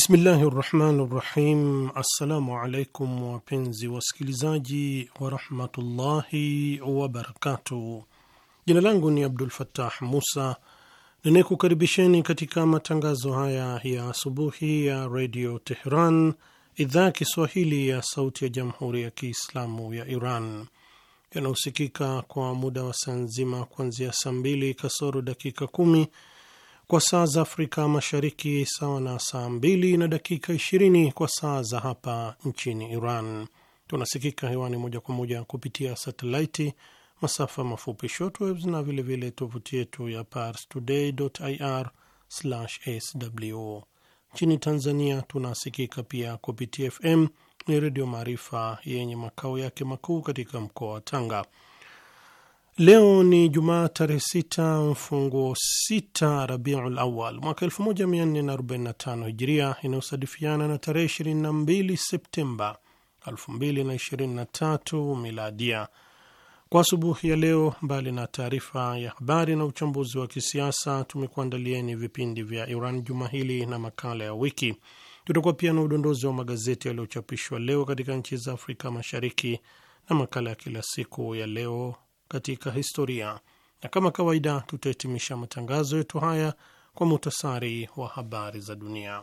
Bismillahi rahmani rahim. Assalamu alaikum wapenzi wasikilizaji warahmatullahi wabarakatuh. Jina langu ni Abdul Fattah Musa ninayekukaribisheni katika matangazo haya ya asubuhi ya redio teheran idhaa ya Kiswahili ya sauti ya jamhuri ya Kiislamu ya Iran yanaosikika kwa muda wa saa nzima kuanzia saa mbili kasoro dakika kumi kwa saa za Afrika Mashariki, sawa na saa mbili na dakika 20 kwa saa za hapa nchini Iran. Tunasikika hewani moja kwa moja kupitia satelaiti, masafa mafupi shortwaves, na vilevile tovuti yetu ya parstoday.ir/sw. Nchini Tanzania tunasikika pia kupitia FM ni Redio Maarifa yenye makao yake makuu katika mkoa wa Tanga. Leo ni Jumaa tarehe 6 mfunguo 6 Rabiul Awal mwaka 1445 Hijiria, inayosadifiana na tarehe 22 Septemba 2023 Miladia. Kwa asubuhi ya leo, mbali na taarifa ya habari na uchambuzi wa kisiasa, tumekuandalieni vipindi vya Iran juma hili na makala ya wiki. Tutakuwa pia na udondozi wa magazeti yaliyochapishwa leo katika nchi za Afrika Mashariki na makala ya kila siku ya leo katika historia, na kama kawaida tutahitimisha matangazo yetu haya kwa muhtasari wa habari za dunia.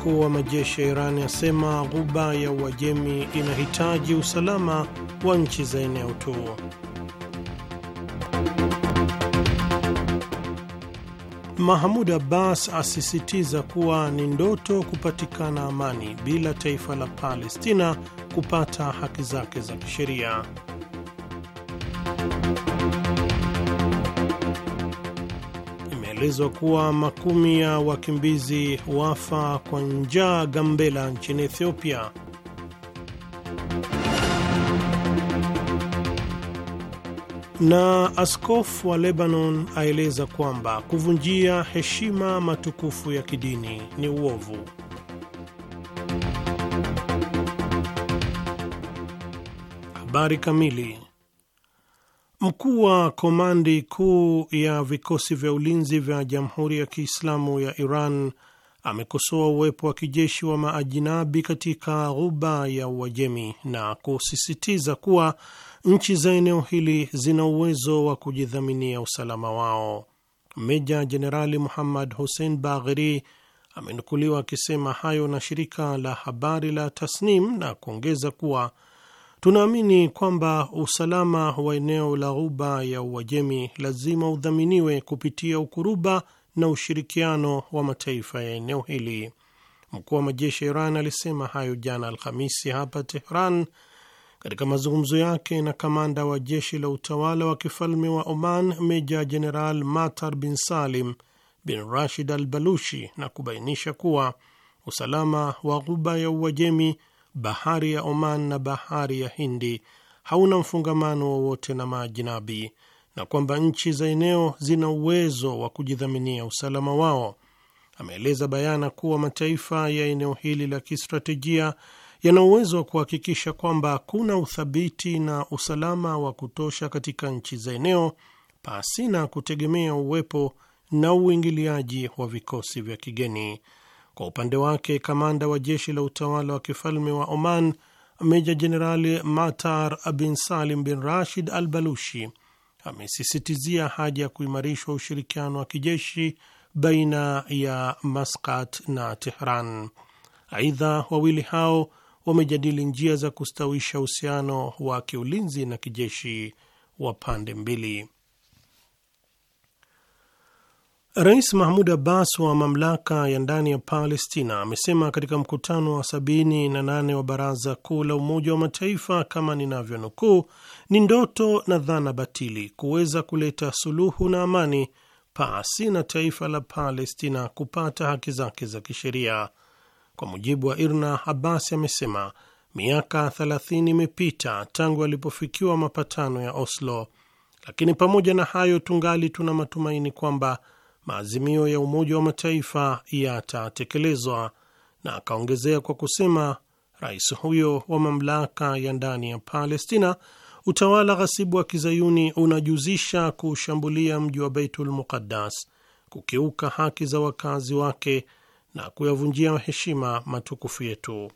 Mkuu wa majeshi ya Iran asema ghuba ya Uajemi inahitaji usalama wa nchi za eneo tu. Mahmud Abbas asisitiza kuwa ni ndoto kupatikana amani bila taifa la Palestina kupata haki zake za kisheria. imeelezwa kuwa makumi ya wakimbizi wafa kwa njaa Gambela nchini Ethiopia. Na askofu wa Lebanon aeleza kwamba kuvunjia heshima matukufu ya kidini ni uovu. Habari kamili Mkuu wa komandi kuu ya vikosi vya ulinzi vya Jamhuri ya Kiislamu ya Iran amekosoa uwepo wa kijeshi wa maajinabi katika Ghuba ya Uajemi na kusisitiza kuwa nchi za eneo hili zina uwezo wa kujidhaminia usalama wao. Meja Jenerali Muhammad Hussein Bagheri amenukuliwa akisema hayo na shirika la habari la Tasnim na kuongeza kuwa Tunaamini kwamba usalama wa eneo la Ghuba ya Uajemi lazima udhaminiwe kupitia ukuruba na ushirikiano wa mataifa ya eneo hili. Mkuu wa majeshi ya Iran alisema hayo jana Alhamisi hapa Tehran katika mazungumzo yake na kamanda wa jeshi la utawala wa kifalme wa Oman, meja jeneral Matar bin Salim bin Rashid al Balushi, na kubainisha kuwa usalama wa Ghuba ya Uajemi bahari ya Oman na bahari ya Hindi hauna mfungamano wowote na maajinabi na kwamba nchi za eneo zina uwezo wa kujidhaminia usalama wao. Ameeleza bayana kuwa mataifa ya eneo hili la kistratejia yana uwezo wa kuhakikisha kwamba kuna uthabiti na usalama wa kutosha katika nchi za eneo pasi na kutegemea uwepo na uingiliaji wa vikosi vya kigeni. Kwa upande wake kamanda wa jeshi la utawala wa kifalme wa Oman meja jenerali Matar bin Salim bin Rashid al Balushi amesisitizia haja ya kuimarishwa ushirikiano wa kijeshi baina ya Maskat na Tehran. Aidha, wawili hao wamejadili njia za kustawisha uhusiano wa kiulinzi na kijeshi wa pande mbili. Rais Mahmud Abbas wa mamlaka ya ndani ya Palestina amesema katika mkutano wa 78 wa Baraza Kuu la Umoja wa Mataifa, kama ninavyonukuu, ni ndoto na dhana batili kuweza kuleta suluhu na amani pasi na taifa la Palestina kupata haki zake za kisheria. Kwa mujibu wa IRNA, Abbas amesema miaka 30 imepita tangu alipofikiwa mapatano ya Oslo, lakini pamoja na hayo tungali tuna matumaini kwamba maazimio ya Umoja wa Mataifa yatatekelezwa, na akaongezea kwa kusema rais huyo wa mamlaka ya ndani ya Palestina, utawala ghasibu wa kizayuni unajuzisha kuushambulia mji wa Baitul Muqaddas, kukiuka haki za wakazi wake na kuyavunjia heshima matukufu yetu.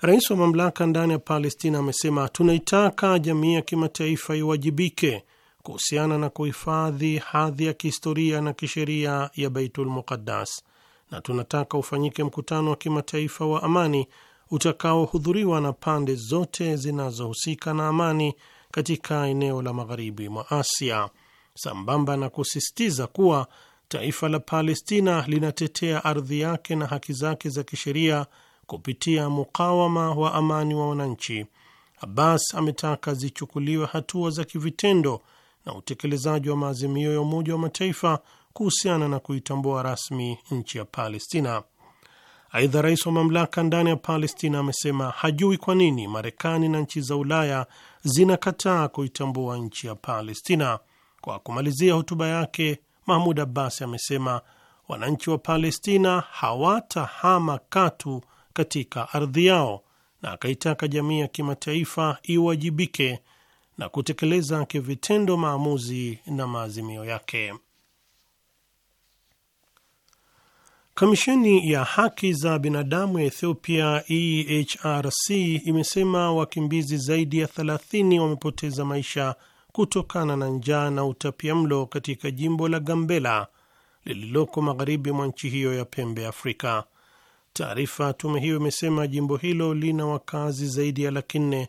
Rais wa mamlaka ndani ya Palestina amesema, tunaitaka jamii ya kimataifa iwajibike kuhusiana na kuhifadhi hadhi ya kihistoria na kisheria ya Baitul Muqaddas, na tunataka ufanyike mkutano wa kimataifa wa amani utakaohudhuriwa na pande zote zinazohusika na amani katika eneo la magharibi mwa Asia, sambamba na kusisitiza kuwa taifa la Palestina linatetea ardhi yake na haki zake za kisheria kupitia mukawama wa amani wa wananchi. Abbas ametaka zichukuliwe hatua za kivitendo na utekelezaji wa maazimio ya Umoja wa Mataifa kuhusiana na kuitambua rasmi nchi ya Palestina. Aidha, rais wa mamlaka ndani ya Palestina amesema hajui kwa nini Marekani na nchi za Ulaya zinakataa kuitambua nchi ya Palestina. Kwa kumalizia hotuba yake, Mahmud Abbas amesema wananchi wa Palestina hawatahama katu katika ardhi yao, na akaitaka jamii ya kimataifa iwajibike na kutekeleza kivitendo maamuzi na maazimio yake. Kamisheni ya haki za binadamu ya Ethiopia, EHRC, imesema wakimbizi zaidi ya 30 wamepoteza maisha kutokana na njaa na utapiamlo katika jimbo la Gambela lililoko magharibi mwa nchi hiyo ya pembe Afrika. Taarifa tume hiyo imesema jimbo hilo lina wakazi zaidi ya laki nne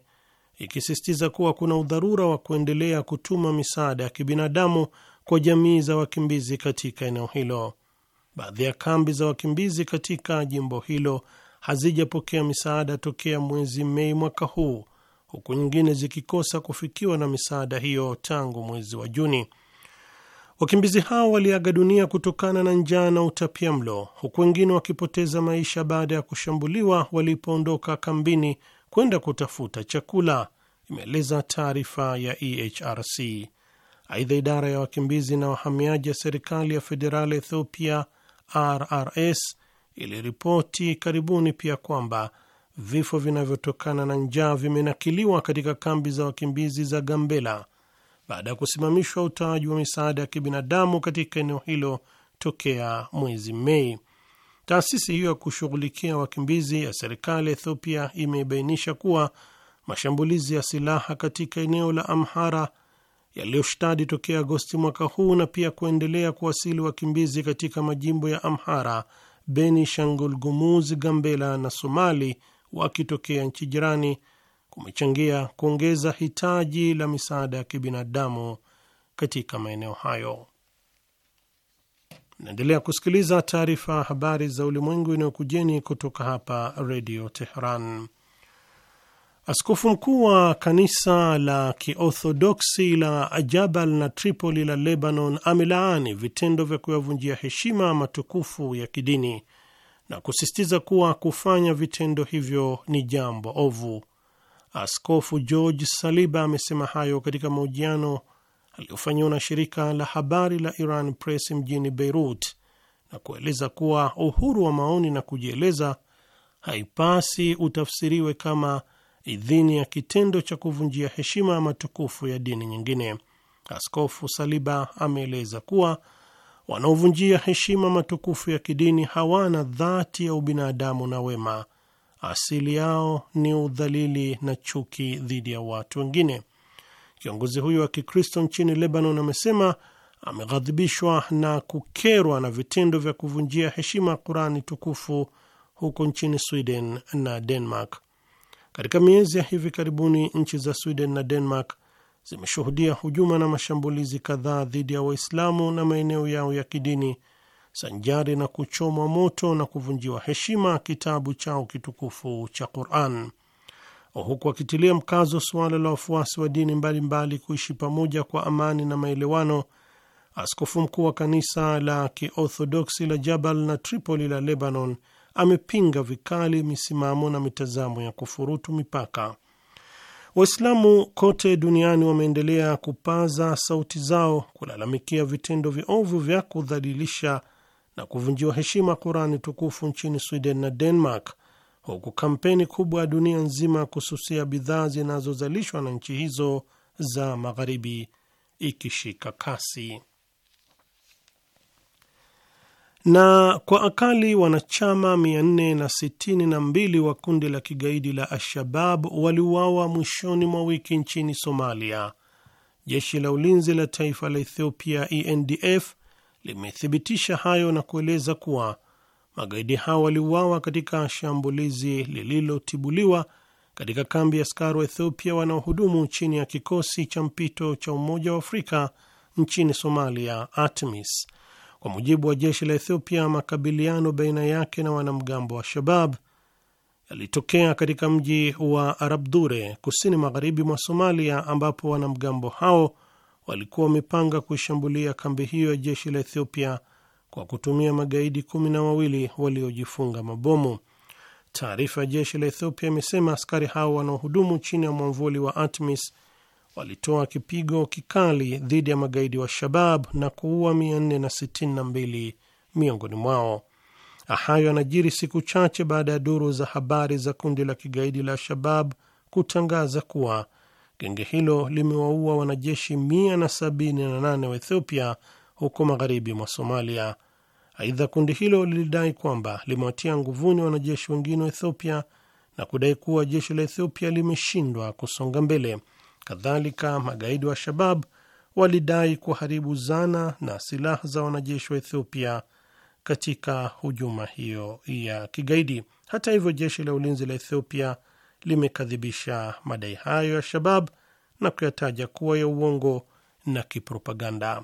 ikisisitiza kuwa kuna udharura wa kuendelea kutuma misaada ya kibinadamu kwa jamii za wakimbizi katika eneo hilo. Baadhi ya kambi za wakimbizi katika jimbo hilo hazijapokea misaada tokea mwezi Mei mwaka huu, huku nyingine zikikosa kufikiwa na misaada hiyo tangu mwezi wa Juni. Wakimbizi hao waliaga dunia kutokana na njaa na utapia mlo, huku wengine wakipoteza maisha baada ya kushambuliwa walipoondoka kambini kwenda kutafuta chakula, imeeleza taarifa ya EHRC. Aidha, idara ya wakimbizi na wahamiaji ya serikali ya federali Ethiopia RRS iliripoti karibuni pia kwamba vifo vinavyotokana na njaa vimenakiliwa katika kambi za wakimbizi za Gambela baada ya kusimamishwa utoaji wa misaada ya kibinadamu katika eneo hilo tokea mwezi Mei. Taasisi hiyo ya kushughulikia wakimbizi ya serikali Ethiopia imebainisha kuwa mashambulizi ya silaha katika eneo la Amhara yaliyoshtadi tokea Agosti mwaka huu na pia kuendelea kuwasili wakimbizi katika majimbo ya Amhara, Beni Shangul Gumuz, Gambela na Somali wakitokea nchi jirani kumechangia kuongeza hitaji la misaada ya kibinadamu katika maeneo hayo naendelea kusikiliza taarifa ya habari za ulimwengu inayokujeni kutoka hapa Redio Teheran. Askofu mkuu wa kanisa la kiorthodoksi la Jabal na Tripoli la Lebanon amelaani vitendo vya kuyavunjia heshima matukufu ya kidini na kusisitiza kuwa kufanya vitendo hivyo ni jambo ovu. Askofu George Saliba amesema hayo katika mahojiano aliyofanyiwa na shirika la habari la Iran Press mjini Beirut na kueleza kuwa uhuru wa maoni na kujieleza haipasi utafsiriwe kama idhini ya kitendo cha kuvunjia heshima ya matukufu ya dini nyingine. Askofu Saliba ameeleza kuwa wanaovunjia heshima matukufu ya kidini hawana dhati ya ubinadamu na wema, asili yao ni udhalili na chuki dhidi ya watu wengine. Kiongozi huyo wa Kikristo nchini Lebanon amesema ameghadhibishwa na kukerwa na vitendo vya kuvunjia heshima Qurani tukufu huko nchini Sweden na Denmark. Katika miezi ya hivi karibuni, nchi za Sweden na Denmark zimeshuhudia hujuma na mashambulizi kadhaa dhidi ya Waislamu na maeneo yao ya kidini sanjari na kuchomwa moto na kuvunjiwa heshima kitabu chao kitukufu cha Quran huku akitilia mkazo suala la wafuasi wa dini mbalimbali kuishi pamoja kwa amani na maelewano, askofu mkuu wa kanisa la kiorthodoksi la Jabal na Tripoli la Lebanon amepinga vikali misimamo na mitazamo ya kufurutu mipaka. Waislamu kote duniani wameendelea kupaza sauti zao kulalamikia vitendo viovu vya kudhalilisha na kuvunjiwa heshima Kurani tukufu nchini Sweden na Denmark huku kampeni kubwa ya dunia nzima kususia bidhaa zinazozalishwa na nchi hizo za magharibi ikishika kasi. Na kwa akali wanachama 462 wa kundi la kigaidi la Al-Shabab waliuawa mwishoni mwa wiki nchini Somalia. Jeshi la ulinzi la taifa la Ethiopia, ENDF, limethibitisha hayo na kueleza kuwa Magaidi hao waliuawa katika shambulizi lililotibuliwa katika kambi ya askari wa Ethiopia wanaohudumu chini ya kikosi cha mpito cha Umoja wa Afrika nchini Somalia, ATMIS. Kwa mujibu wa jeshi la Ethiopia, makabiliano baina yake na wanamgambo wa Shabab yalitokea katika mji wa Arabdure kusini magharibi mwa Somalia, ambapo wanamgambo hao walikuwa wamepanga kuishambulia kambi hiyo ya jeshi la Ethiopia kwa kutumia magaidi kumi na wawili waliojifunga mabomu. Taarifa ya jeshi la Ethiopia imesema askari hao wanaohudumu chini ya mwamvuli wa ATMIS walitoa kipigo kikali dhidi ya magaidi wa Shabab na kuua 462 miongoni mwao. Hayo yanajiri siku chache baada ya duru za habari za kundi la kigaidi la Shabab kutangaza kuwa genge hilo limewaua wanajeshi 178 wa Ethiopia huko magharibi mwa Somalia. Aidha, kundi hilo lilidai kwamba limewatia nguvuni wanajeshi wengine wa Ethiopia na kudai kuwa jeshi la Ethiopia limeshindwa kusonga mbele. Kadhalika, magaidi wa Shabab walidai kuharibu zana na silaha za wanajeshi wa Ethiopia katika hujuma hiyo ya kigaidi. Hata hivyo, jeshi la ulinzi la Ethiopia limekadhibisha madai hayo ya Shabab na kuyataja kuwa ya uongo na kipropaganda.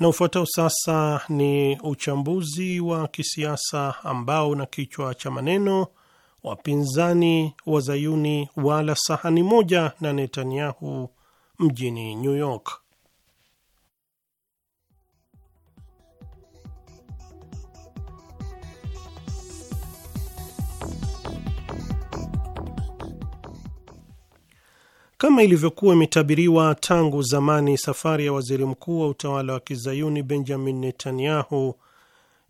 Na ufuatao sasa ni uchambuzi wa kisiasa ambao na kichwa cha maneno wapinzani wa zayuni wala sahani moja na Netanyahu mjini New York. Kama ilivyokuwa imetabiriwa tangu zamani, safari ya waziri mkuu wa utawala wa kizayuni Benjamin Netanyahu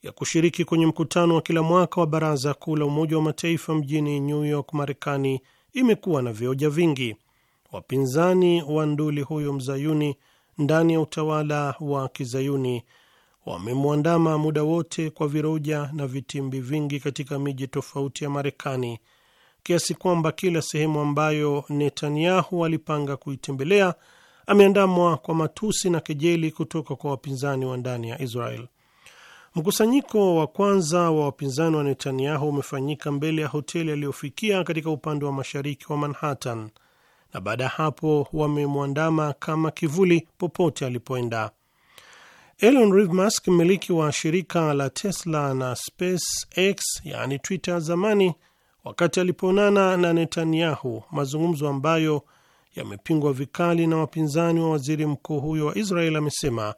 ya kushiriki kwenye mkutano wa kila mwaka wa Baraza Kuu la Umoja wa Mataifa mjini New York, Marekani, imekuwa na vioja vingi. Wapinzani wa nduli huyo mzayuni ndani ya utawala wa kizayuni wamemwandama muda wote kwa viroja na vitimbi vingi katika miji tofauti ya Marekani kiasi kwamba kila sehemu ambayo Netanyahu alipanga kuitembelea ameandamwa kwa matusi na kejeli kutoka kwa wapinzani wa ndani ya Israel. Mkusanyiko wa kwanza wa wapinzani wa Netanyahu umefanyika mbele ya hoteli aliyofikia katika upande wa mashariki wa Manhattan, na baada ya hapo wamemwandama kama kivuli popote alipoenda. Elon Reeve Musk, mmiliki wa shirika la Tesla na SpaceX yaani Twitter zamani, wakati alipoonana na Netanyahu, mazungumzo ambayo yamepingwa vikali na wapinzani wa waziri mkuu huyo wa Israel, amesema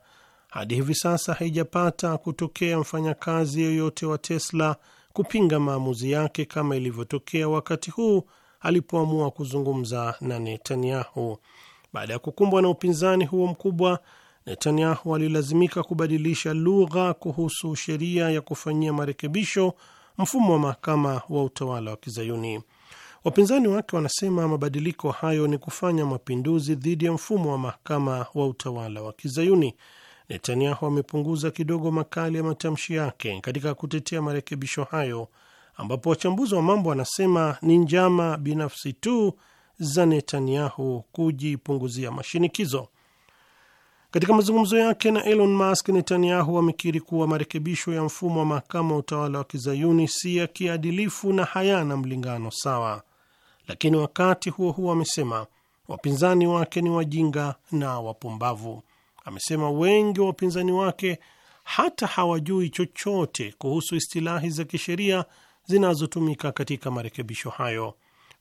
hadi hivi sasa haijapata kutokea mfanyakazi yoyote wa Tesla kupinga maamuzi yake kama ilivyotokea wakati huu alipoamua kuzungumza na Netanyahu. Baada ya kukumbwa na upinzani huo mkubwa, Netanyahu alilazimika kubadilisha lugha kuhusu sheria ya kufanyia marekebisho mfumo wa mahakama wa utawala wa Kizayuni. Wapinzani wake wanasema mabadiliko hayo ni kufanya mapinduzi dhidi ya mfumo wa mahakama wa utawala wa Kizayuni. Netanyahu amepunguza kidogo makali ya matamshi yake katika kutetea marekebisho hayo, ambapo wachambuzi wa mambo wanasema ni njama binafsi tu za Netanyahu kujipunguzia mashinikizo. Katika mazungumzo yake na Elon Musk, Netanyahu amekiri kuwa marekebisho ya mfumo wa mahakama wa utawala wa kizayuni si ya kiadilifu na hayana mlingano sawa, lakini wakati huo huo amesema wapinzani wake ni wajinga na wapumbavu. Amesema wengi wa wapinzani wake hata hawajui chochote kuhusu istilahi za kisheria zinazotumika katika marekebisho hayo.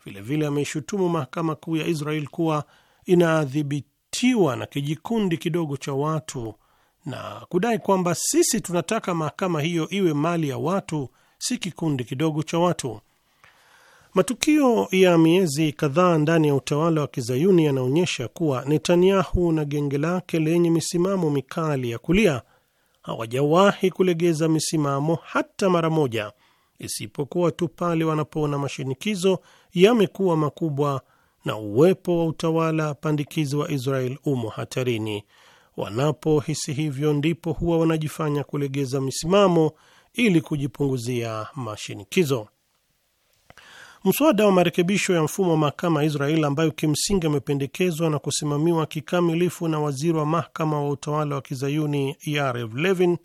Vilevile ameishutumu mahakama kuu ya Israel kuwa kutiwa na kijikundi kidogo cha watu na kudai kwamba sisi tunataka mahakama hiyo iwe mali ya watu, si kikundi kidogo cha watu. Matukio ya miezi kadhaa ndani ya utawala wa kizayuni yanaonyesha kuwa Netanyahu na genge lake lenye misimamo mikali ya kulia hawajawahi kulegeza misimamo hata mara moja, isipokuwa tu pale wanapoona mashinikizo yamekuwa makubwa na uwepo wa utawala pandikizi wa Israel umo hatarini. Wanapohisi hivyo, ndipo huwa wanajifanya kulegeza misimamo ili kujipunguzia mashinikizo. Mswada wa marekebisho ya mfumo wa mahakama ya Israel ambayo kimsingi amependekezwa na kusimamiwa kikamilifu na waziri wa mahakama wa utawala wa kizayuni Yarev Levin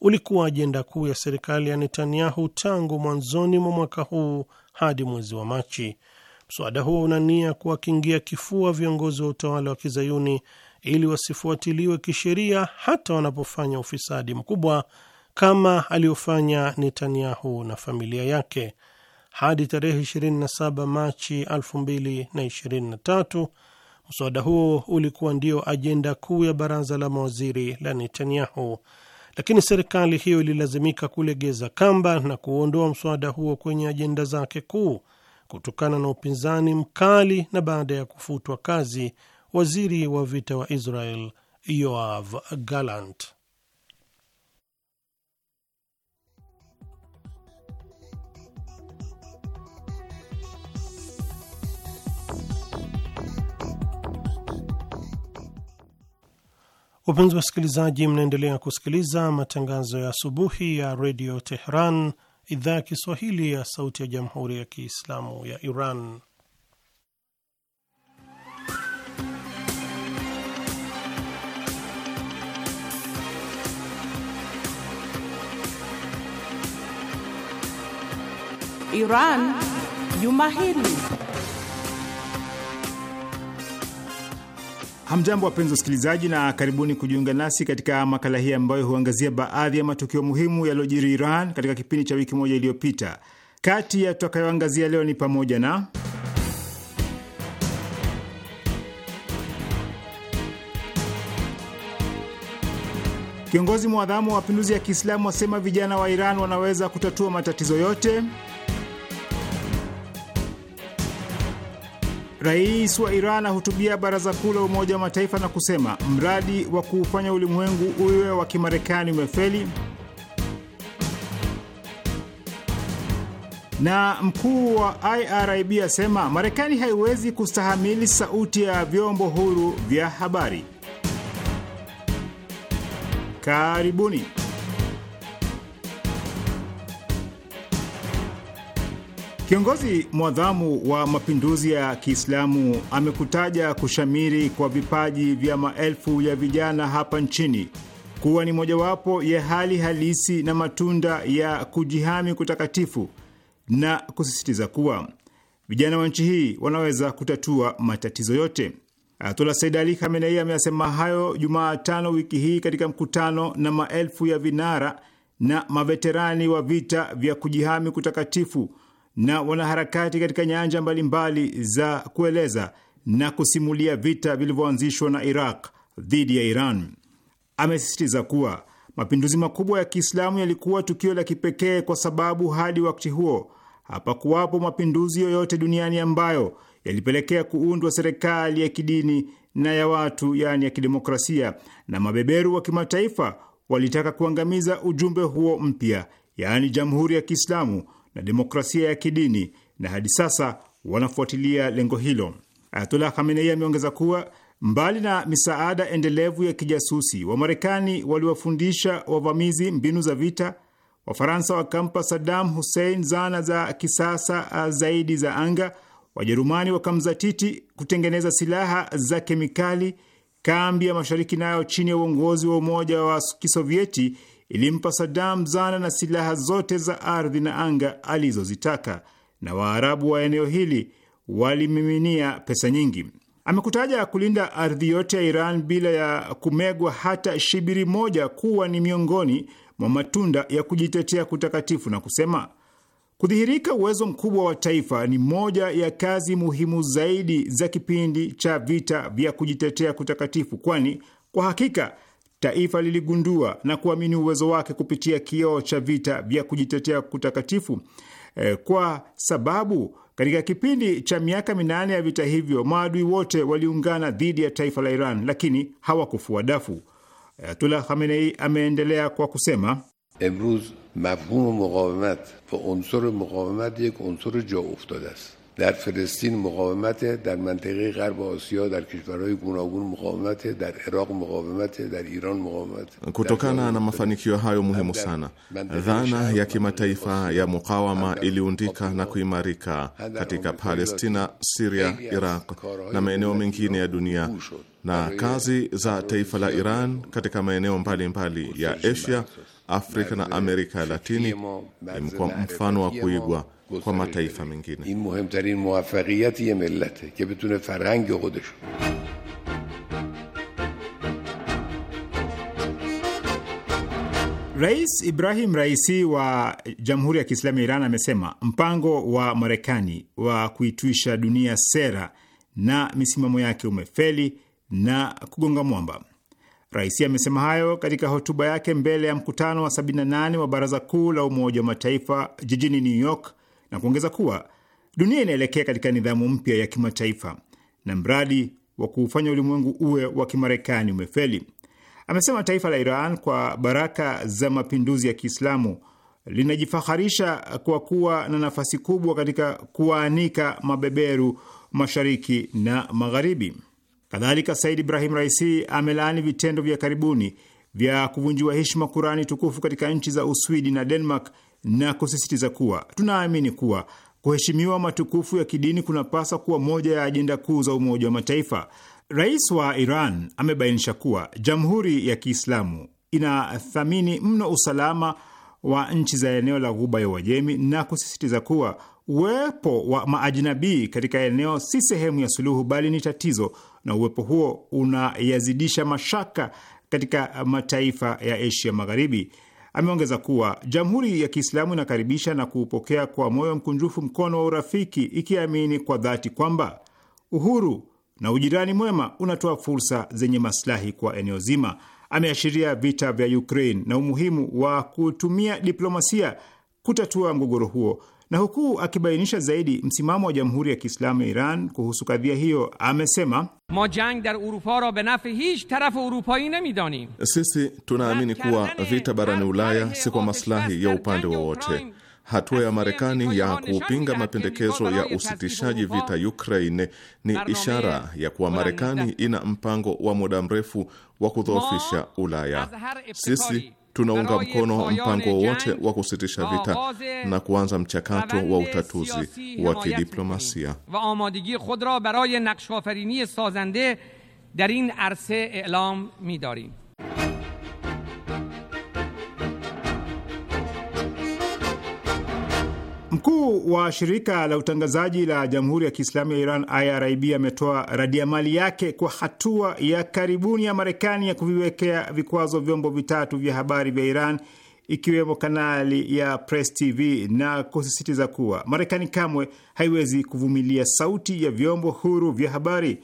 ulikuwa ajenda kuu ya serikali ya Netanyahu tangu mwanzoni mwa mwaka huu hadi mwezi wa Machi. Mswada huo una nia kuwakingia kifua viongozi wa utawala wa kizayuni ili wasifuatiliwe kisheria hata wanapofanya ufisadi mkubwa kama aliyofanya Netanyahu na familia yake. Hadi tarehe 27 Machi 2023 mswada huo ulikuwa ndio ajenda kuu ya baraza la mawaziri la Netanyahu, lakini serikali hiyo ililazimika kulegeza kamba na kuondoa mswada huo kwenye ajenda zake kuu kutokana na upinzani mkali na baada ya kufutwa kazi waziri wa vita wa Israel Yoav Gallant. Wapenzi wasikilizaji, mnaendelea kusikiliza matangazo ya asubuhi ya redio Tehran, idhaa ya Kiswahili ya Sauti ya Jamhuri ya Kiislamu ya Iran. Iran Juma Hili. Hamjambo, wapenzi wasikilizaji, na karibuni kujiunga nasi katika makala hii ambayo huangazia baadhi ya matukio muhimu yaliyojiri Iran katika kipindi cha wiki moja iliyopita. Kati ya tutakayoangazia leo ni pamoja na kiongozi mwadhamu wa mapinduzi ya Kiislamu wasema vijana wa Iran wanaweza kutatua matatizo yote Rais wa Iran ahutubia Baraza Kuu la Umoja wa Mataifa na kusema mradi wa kuufanya ulimwengu uwe wa kimarekani umefeli. na mkuu wa IRIB asema Marekani haiwezi kustahamili sauti ya vyombo huru vya habari. Karibuni. Kiongozi mwadhamu wa mapinduzi ya Kiislamu amekutaja kushamiri kwa vipaji vya maelfu ya vijana hapa nchini kuwa ni mojawapo ya hali halisi na matunda ya kujihami kutakatifu na kusisitiza kuwa vijana wa nchi hii wanaweza kutatua matatizo yote. Ayatullah Said Ali Khamenei ameyasema hayo Jumatano wiki hii katika mkutano na maelfu ya vinara na maveterani wa vita vya kujihami kutakatifu na wanaharakati katika nyanja mbalimbali za kueleza na kusimulia vita vilivyoanzishwa na Iraq dhidi ya Iran. Amesisitiza kuwa mapinduzi makubwa ya Kiislamu yalikuwa tukio la kipekee kwa sababu hadi wakati huo hapakuwapo mapinduzi yoyote duniani ambayo yalipelekea kuundwa serikali ya kidini na ya watu, yaani ya kidemokrasia, na mabeberu wa kimataifa walitaka kuangamiza ujumbe huo mpya, yaani jamhuri ya Kiislamu na demokrasia ya kidini, na hadi sasa wanafuatilia lengo hilo. Ayatullah Khamenei ameongeza kuwa mbali na misaada endelevu ya kijasusi, Wamarekani waliwafundisha wavamizi mbinu za vita. Wafaransa wakampa Saddam Hussein zana za kisasa zaidi za anga. Wajerumani wakamzatiti kutengeneza silaha za kemikali. Kambi ya mashariki nayo chini ya uongozi wa Umoja wa Kisovieti ilimpa Sadam zana na silaha zote za ardhi na anga alizozitaka, na Waarabu wa eneo hili walimiminia pesa nyingi. Amekutaja kulinda ardhi yote ya Iran bila ya kumegwa hata shibiri moja kuwa ni miongoni mwa matunda ya kujitetea kutakatifu na kusema kudhihirika uwezo mkubwa wa taifa ni moja ya kazi muhimu zaidi za kipindi cha vita vya kujitetea kutakatifu, kwani kwa hakika Taifa liligundua na kuamini uwezo wake kupitia kioo cha vita vya kujitetea kutakatifu e, kwa sababu katika kipindi cha miaka minane ya vita hivyo maadui wote waliungana dhidi ya taifa la Iran, lakini hawakufua dafu. Ayatullah Khamenei ameendelea kwa kusema emruz mafhum muqawamat va unsur muqawamat yek unsur jo uftade در فلسطین مقاومت در منطقه غرب آسیا در کشورهای گوناگون مقاومت در عراق مقاومت در ایران مقاومت kutokana na mafanikio hayo muhimu sana dhana ya kimataifa ya mukawama iliundika na kuimarika katika Palestina, Siria, Iraq na maeneo mengine ya dunia na kazi za taifa la Iran katika maeneo mbalimbali ya Asia Afrika na Amerika ya Latini imekuwa mfano wa kuigwa kwa mataifa mengine. Rais Ibrahim Raisi wa Jamhuri ya Kiislamu ya Iran amesema mpango wa Marekani wa kuitwisha dunia sera na misimamo yake umefeli na kugonga mwamba. Raisi amesema hayo katika hotuba yake mbele ya mkutano wa 78 wa Baraza Kuu la Umoja wa Mataifa jijini New York na kuongeza kuwa dunia inaelekea katika nidhamu mpya ya kimataifa na mradi wa kuufanya ulimwengu uwe wa kimarekani umefeli. Amesema taifa la Iran kwa baraka za mapinduzi ya Kiislamu linajifaharisha kwa kuwa na nafasi kubwa katika kuwaanika mabeberu mashariki na magharibi. Kadhalika, Said Ibrahim Raisi amelaani vitendo vya karibuni vya kuvunjiwa heshima Kurani tukufu katika nchi za Uswidi na Denmark na kusisitiza kuwa tunaamini kuwa kuheshimiwa matukufu ya kidini kunapaswa kuwa moja ya ajenda kuu za Umoja wa Mataifa. Rais wa Iran amebainisha kuwa Jamhuri ya Kiislamu inathamini mno usalama wa nchi za eneo la Ghuba ya Uajemi na kusisitiza kuwa uwepo wa maajinabii katika eneo si sehemu ya suluhu bali ni tatizo, na uwepo huo unayazidisha mashaka katika mataifa ya Asia Magharibi. Ameongeza kuwa Jamhuri ya Kiislamu inakaribisha na kuupokea kwa moyo mkunjufu mkono wa urafiki, ikiamini kwa dhati kwamba uhuru na ujirani mwema unatoa fursa zenye maslahi kwa eneo zima. Ameashiria vita vya Ukraine na umuhimu wa kutumia diplomasia kutatua mgogoro huo na huku akibainisha zaidi msimamo wa Jamhuri ya Kiislamu ya Iran kuhusu kadhia hiyo, amesema sisi tunaamini kuwa vita barani Ulaya si kwa maslahi ya upande wowote. Hatua ya Marekani ya kupinga mapendekezo ya usitishaji vita Ukraine ni ishara ya kuwa Marekani ina mpango wa muda mrefu wa kudhoofisha Ulaya. Sisi tunaunga mkono mpango wote wa kusitisha vita na kuanza mchakato wa utatuzi wa kidiplomasia va amadegi khod ra baraye naqshafarini sazande dar in arse elam midarim Mkuu wa shirika la utangazaji la Jamhuri ya Kiislamu ya Iran IRIB ametoa radiamali yake kwa hatua ya karibuni ya Marekani ya kuviwekea vikwazo vyombo vitatu vya habari vya Iran ikiwemo kanali ya Press TV na kusisitiza kuwa Marekani kamwe haiwezi kuvumilia sauti ya vyombo huru vya habari.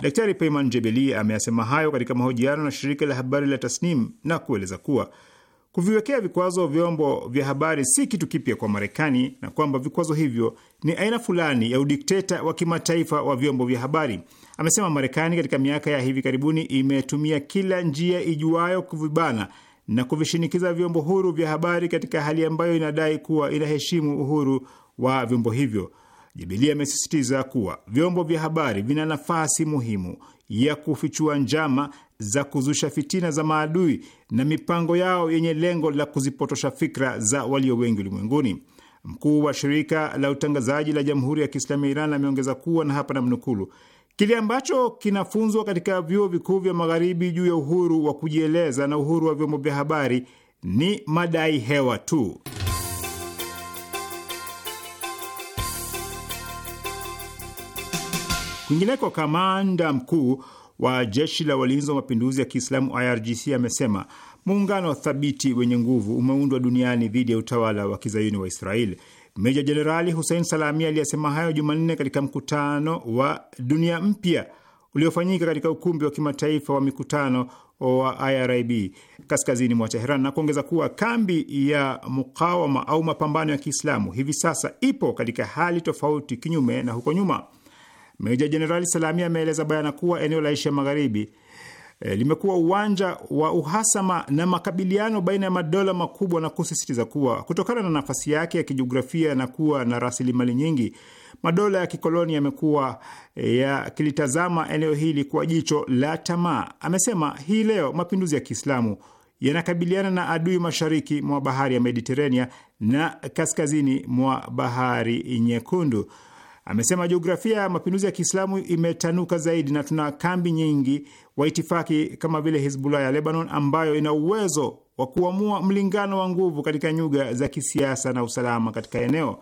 Daktari Peyman Jebeli ameyasema hayo katika mahojiano na shirika la habari la Tasnim na kueleza kuwa Kuviwekea vikwazo vyombo vya habari si kitu kipya kwa Marekani na kwamba vikwazo hivyo ni aina fulani ya udikteta wa kimataifa wa vyombo vya habari. Amesema Marekani katika miaka ya hivi karibuni imetumia kila njia ijuayo kuvibana na kuvishinikiza vyombo huru vya habari katika hali ambayo inadai kuwa inaheshimu uhuru wa vyombo hivyo. Jibilia amesisitiza kuwa vyombo vya habari vina nafasi muhimu ya kufichua njama za kuzusha fitina za maadui na mipango yao yenye lengo la kuzipotosha fikra za walio wengi ulimwenguni. Mkuu wa shirika la utangazaji la Jamhuri ya Kiislamu ya Iran ameongeza kuwa, na hapa namnukulu, kile ambacho kinafunzwa katika vyuo vikuu vya Magharibi juu ya uhuru wa kujieleza na uhuru wa vyombo vya habari ni madai hewa tu. Kwingineko, kamanda mkuu wa jeshi la walinzi wa mapinduzi ya Kiislamu IRGC amesema muungano thabiti wenye nguvu umeundwa duniani dhidi ya utawala wa kizayuni wa Israeli. Meja Jenerali Hussein Salami aliyesema hayo Jumanne katika mkutano wa dunia mpya uliofanyika katika ukumbi wa kimataifa wa mikutano wa IRIB kaskazini mwa Teheran na kuongeza kuwa kambi ya mukawama au mapambano ya Kiislamu hivi sasa ipo katika hali tofauti kinyume na huko nyuma. Meja Jenerali Salami ameeleza bayana kuwa eneo la Asia Magharibi e, limekuwa uwanja wa uhasama na makabiliano baina ya madola makubwa na kusisitiza kuwa kutokana na nafasi yake ya kijiografia na kuwa na rasilimali nyingi madola ya kikoloni yamekuwa eh, yakilitazama eneo hili kwa jicho la tamaa. Amesema hii leo mapinduzi ya Kiislamu yanakabiliana na adui mashariki mwa bahari ya Mediterania na kaskazini mwa bahari Nyekundu. Amesema jiografia ya mapinduzi ya Kiislamu imetanuka zaidi na tuna kambi nyingi wa itifaki kama vile Hizbullah ya Lebanon ambayo ina uwezo wa kuamua mlingano wa nguvu katika nyuga za kisiasa na usalama katika eneo.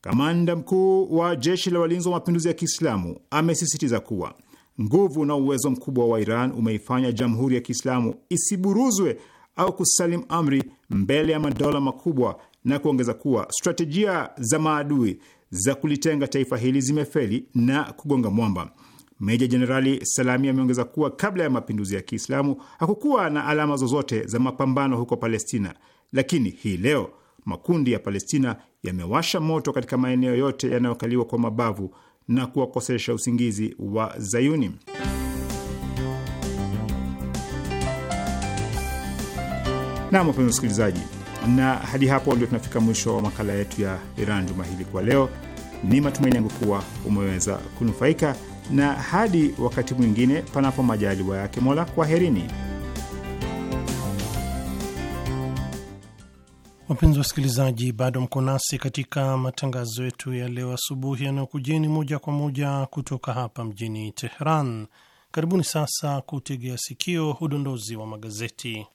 Kamanda mkuu wa jeshi la walinzi wa mapinduzi ya Kiislamu amesisitiza kuwa nguvu na uwezo mkubwa wa Iran umeifanya jamhuri ya Kiislamu isiburuzwe au kusalim amri mbele ya madola makubwa na kuongeza kuwa stratejia za maadui za kulitenga taifa hili zimefeli na kugonga mwamba. Meja Jenerali Salami ameongeza kuwa kabla ya mapinduzi ya Kiislamu hakukuwa na alama zozote za mapambano huko Palestina, lakini hii leo makundi ya Palestina yamewasha moto katika maeneo yote yanayokaliwa kwa mabavu na kuwakosesha usingizi wa Zayuni. Nam, wapenzi wasikilizaji na hadi hapo ndio tunafika mwisho wa makala yetu ya Iran juma hili kwa leo. Ni matumaini yangu kuwa umeweza kunufaika, na hadi wakati mwingine, panapo majaliwa yake Mola, kwaherini. Wapenzi wa wasikilizaji, bado mko nasi katika matangazo yetu ya leo asubuhi yanayokujeni moja kwa moja kutoka hapa mjini Teheran. Karibuni sasa kutegea sikio udondozi wa magazeti.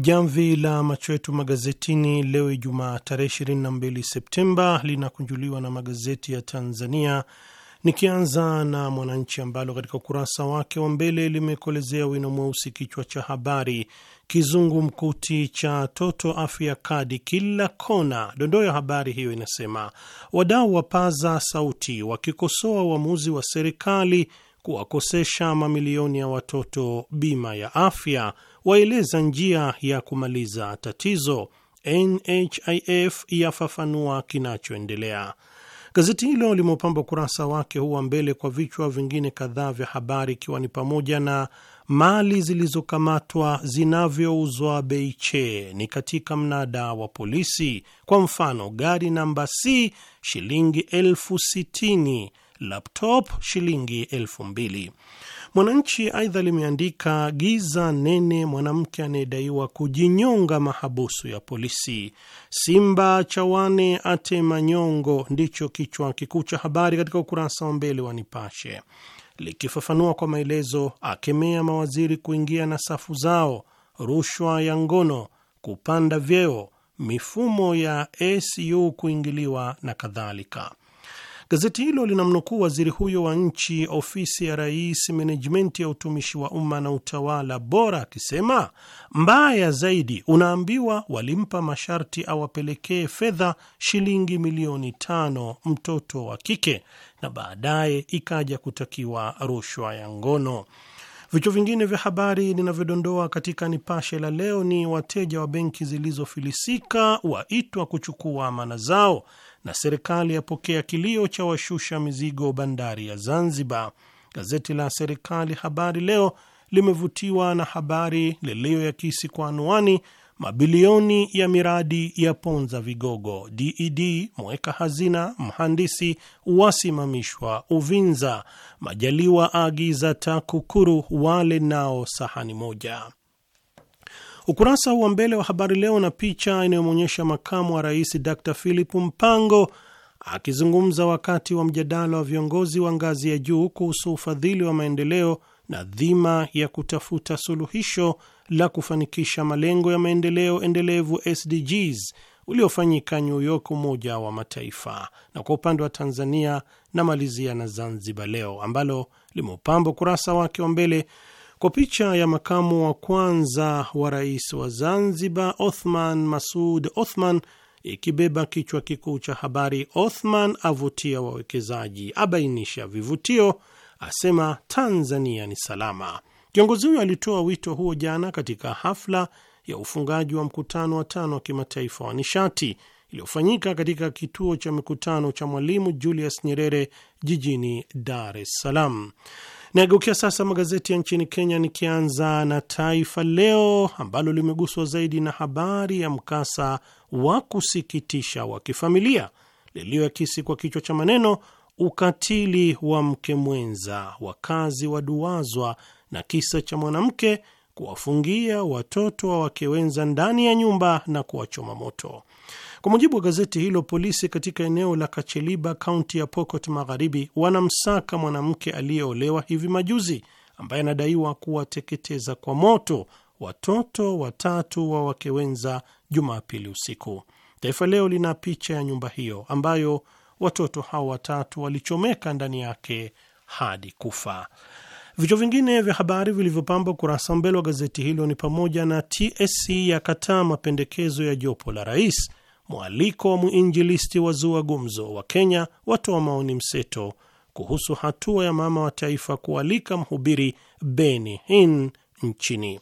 Jamvi la macho yetu magazetini leo Ijumaa tarehe 22 Septemba linakunjuliwa na magazeti ya Tanzania, nikianza na Mwananchi ambalo katika ukurasa wake wa mbele limekolezea wino mweusi kichwa cha habari kizungu mkuti cha toto afya kadi kila kona. Dondoo ya habari hiyo inasema wadau wapaza sauti wakikosoa uamuzi wa serikali kuwakosesha mamilioni ya watoto bima ya afya waeleza njia ya kumaliza tatizo. NHIF yafafanua kinachoendelea. Gazeti hilo limeupamba ukurasa wake huwa mbele kwa vichwa vingine kadhaa vya habari, ikiwa ni pamoja na mali zilizokamatwa zinavyouzwa bei che ni katika mnada wa polisi. Kwa mfano, gari namba C shilingi elfu sitini, laptop shilingi elfu mbili. Mwananchi aidha limeandika giza nene, mwanamke anayedaiwa kujinyonga mahabusu ya polisi. Simba chawane ate manyongo ndicho kichwa kikuu cha habari katika ukurasa wa mbele wa Nipashe, likifafanua kwa maelezo, akemea mawaziri kuingia na safu zao, rushwa ya ngono, kupanda vyeo, mifumo ya SU kuingiliwa na kadhalika. Gazeti hilo linamnukuu waziri huyo wa nchi ofisi ya rais, menejmenti ya utumishi wa umma na utawala bora, akisema mbaya zaidi, unaambiwa walimpa masharti awapelekee fedha shilingi milioni tano mtoto wa kike, na baadaye ikaja kutakiwa rushwa ya ngono. Vichwa vingine vya habari linavyodondoa katika Nipashe la leo ni wateja wa benki zilizofilisika waitwa kuchukua amana zao na serikali yapokea kilio cha washusha mizigo bandari ya Zanzibar. Gazeti la serikali Habari Leo limevutiwa na habari liliyoyakisi kwa anwani mabilioni ya miradi ya ponza vigogo, DED e mweka hazina mhandisi wasimamishwa Uvinza, Majaliwa aagiza TAKUKURU wale nao sahani moja. Ukurasa wa mbele wa Habari Leo na picha inayomwonyesha makamu wa rais Dr Philip Mpango akizungumza wakati wa mjadala wa viongozi wa ngazi ya juu kuhusu ufadhili wa maendeleo na dhima ya kutafuta suluhisho la kufanikisha malengo ya maendeleo endelevu SDGs uliofanyika New York, Umoja wa Mataifa. Na kwa upande wa Tanzania namalizia na Zanzibar Leo ambalo limeupamba ukurasa wake wa mbele kwa picha ya makamu wa kwanza wa rais wa Zanzibar Othman Masud Othman ikibeba kichwa kikuu cha habari, Othman avutia wawekezaji, abainisha vivutio, asema Tanzania ni salama. Kiongozi huyo alitoa wito huo jana katika hafla ya ufungaji wa mkutano wa tano wa kimataifa wa nishati iliyofanyika katika kituo cha mikutano cha Mwalimu Julius Nyerere jijini Dar es Salaam. Nageukia sasa magazeti ya nchini Kenya, nikianza na Taifa Leo ambalo limeguswa zaidi na habari ya mkasa wa kusikitisha wa kifamilia liliyoakisi kwa kichwa cha maneno ukatili wa mke mwenza, wakazi waduwazwa na kisa cha mwanamke kuwafungia watoto wa wake wenza ndani ya nyumba na kuwachoma moto. Kwa mujibu wa gazeti hilo, polisi katika eneo la Kacheliba, kaunti ya Pokot Magharibi, wanamsaka mwanamke aliyeolewa hivi majuzi ambaye anadaiwa kuwateketeza kwa moto watoto watatu wa wake wenza Jumapili usiku. Taifa Leo lina picha ya nyumba hiyo ambayo watoto hao watatu walichomeka ndani yake hadi kufa. Vichwa vingine vya habari vilivyopamba ukurasa mbele wa gazeti hilo ni pamoja na TSC ya kataa mapendekezo ya jopo la rais, mwaliko wa mwinjilisti wa zua gumzo wa Kenya watoa wa maoni mseto kuhusu hatua ya mama wa taifa kualika mhubiri Benny Hinn nchini.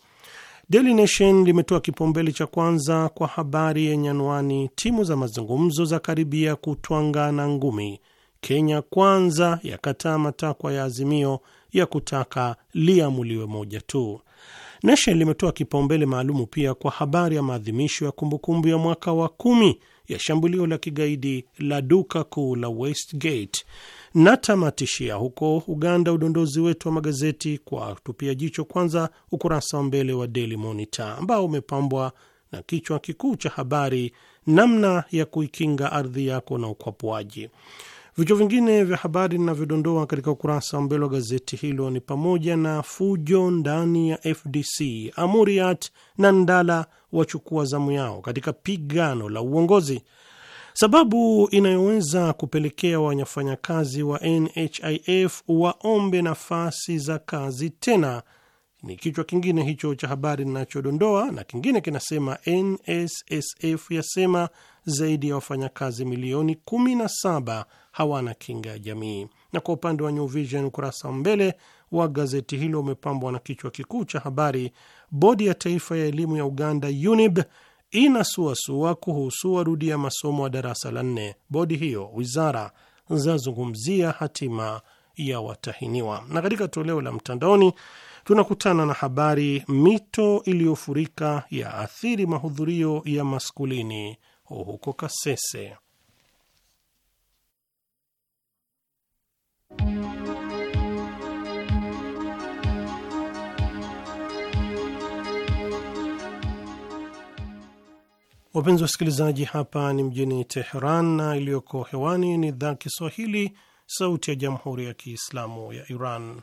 Daily Nation limetoa kipaumbele cha kwanza kwa habari yenye anwani timu za mazungumzo za karibia kutwangana ngumi, Kenya kwanza yakataa matakwa ya azimio ya kutaka liamuliwe moja tu. Nation limetoa kipaumbele maalumu pia kwa habari ya maadhimisho ya kumbukumbu ya mwaka wa kumi ya shambulio la kigaidi la duka kuu la Westgate. Natamatishia huko Uganda udondozi wetu wa magazeti kwa tupia jicho kwanza ukurasa wa mbele wa Daily Monitor ambao umepambwa na kichwa kikuu cha habari, namna ya kuikinga ardhi yako na ukwapuaji. Vichwa vingine vya habari linavyodondoa katika ukurasa wa mbele wa gazeti hilo ni pamoja na fujo ndani ya FDC, Amuriat na Ndala wachukua zamu yao katika pigano la uongozi, sababu inayoweza kupelekea wafanyakazi wa NHIF waombe nafasi za kazi tena ni kichwa kingine hicho cha habari linachodondoa, na kingine kinasema NSSF yasema zaidi ya wafanyakazi milioni 17 hawana kinga ya jamii. Na kwa upande wa New Vision, ukurasa wa mbele wa gazeti hilo umepambwa na kichwa kikuu cha habari, bodi ya taifa ya elimu ya Uganda UNIB inasuasua kuhusu warudia masomo wa darasa la nne. Bodi hiyo, wizara zazungumzia hatima ya watahiniwa. Na katika toleo la mtandaoni tunakutana na habari, mito iliyofurika ya athiri mahudhurio ya maskulini huko Kasese. Wapenzi wa wasikilizaji, hapa ni mjini Teheran na iliyoko hewani ni idhaa Kiswahili, sauti ya jamhuri ya kiislamu ya Iran.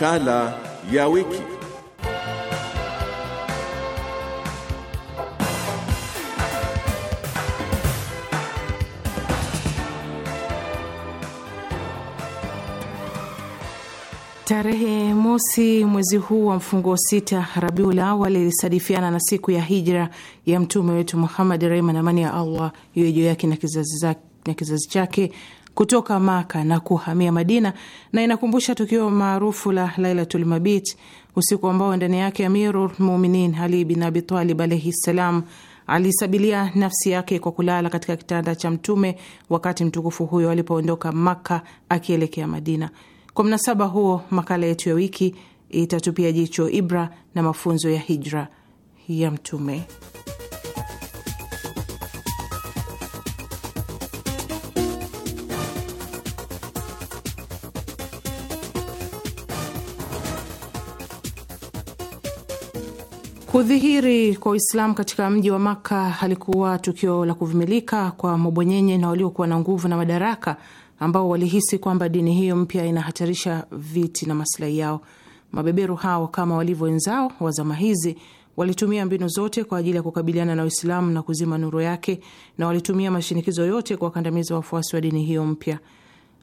Makala ya wiki. Tarehe mosi mwezi huu wa mfungo sita Rabiul Awal ilisadifiana na siku ya hijra ya mtume wetu Muhammad, rehma na amani ya Allah iwe juu yake na kizazi chake kutoka Maka na kuhamia Madina, na inakumbusha tukio maarufu la Lailatul Mabit, usiku ambao ndani yake Amirul Muminin Ali bin Abitalib alaihi ssalam alisabilia nafsi yake kwa kulala katika kitanda cha Mtume wakati mtukufu huyo alipoondoka Makka akielekea Madina. Kwa mnasaba huo, makala yetu ya wiki itatupia jicho ibra na mafunzo ya hijra ya Mtume. Kudhihiri kwa Uislamu katika mji wa Makka halikuwa tukio la kuvumilika kwa mabwenyenye na waliokuwa na nguvu na madaraka ambao walihisi kwamba dini hiyo mpya inahatarisha viti na maslahi yao. Mabeberu hao kama walivyo wenzao wa zama hizi walitumia mbinu zote kwa ajili ya kukabiliana na Uislamu na kuzima nuru yake, na walitumia mashinikizo yote kuwakandamiza wafuasi wa dini hiyo mpya.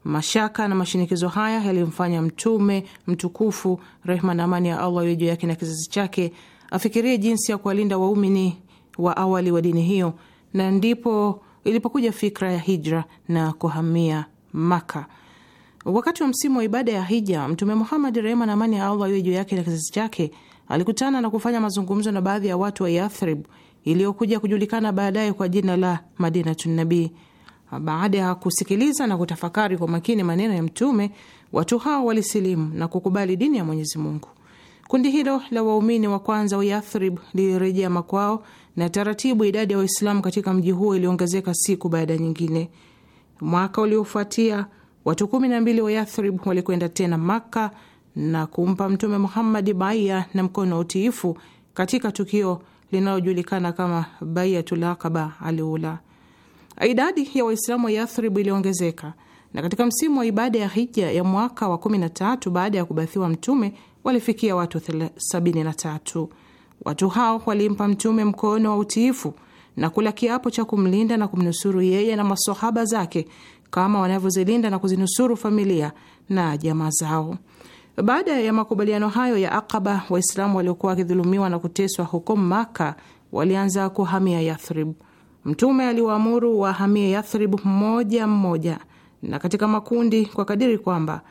Mashaka na mashinikizo haya yalimfanya Mtume mtukufu, rehma na amani ya Allah iwe juu yake na kizazi chake afikirie jinsi ya kuwalinda waumini wa awali wa dini hiyo, na ndipo ilipokuja fikra ya hijra na kuhamia Maka. Wakati wa msimu wa ibada ya hija, Mtume Muhammad, rehema na amani ya Allah iwe juu yake na kizazi chake, alikutana na kufanya mazungumzo na baadhi ya watu wa Yathrib iliyokuja kujulikana baadaye kwa jina la Madinatun Nabii. Baada ya kusikiliza na kutafakari kwa makini maneno ya Mtume, watu hao walisilimu na kukubali dini ya Mwenyezi Mungu. Kundi hilo la waumini wa kwanza wa Yathrib lilirejea makwao na taratibu idadi ya Waislamu katika mji huo iliongezeka siku baada nyingine. Mwaka uliofuatia watu kumi na mbili wa Yathrib walikwenda tena Makka na kumpa Mtume Muhammadi baia na mkono wa utiifu katika tukio linalojulikana kama Baiatul Aqaba aliula. Idadi ya Waislamu wa Yathrib iliongezeka na katika msimu wa ibada ya hija ya mwaka wa 13 baada ya kubathiwa Mtume walifikia watu 73. Watu hao walimpa Mtume mkono wa utiifu na kula kiapo cha kumlinda na kumnusuru yeye na masohaba zake kama wanavyozilinda na kuzinusuru familia na jamaa zao. Baada ya makubaliano hayo ya Aqaba, Waislamu waliokuwa wakidhulumiwa na kuteswa huko Maka walianza kuhamia Yathrib. Mtume aliwaamuru wahamie Yathrib mmoja mmoja na katika makundi, kwa kadiri kwamba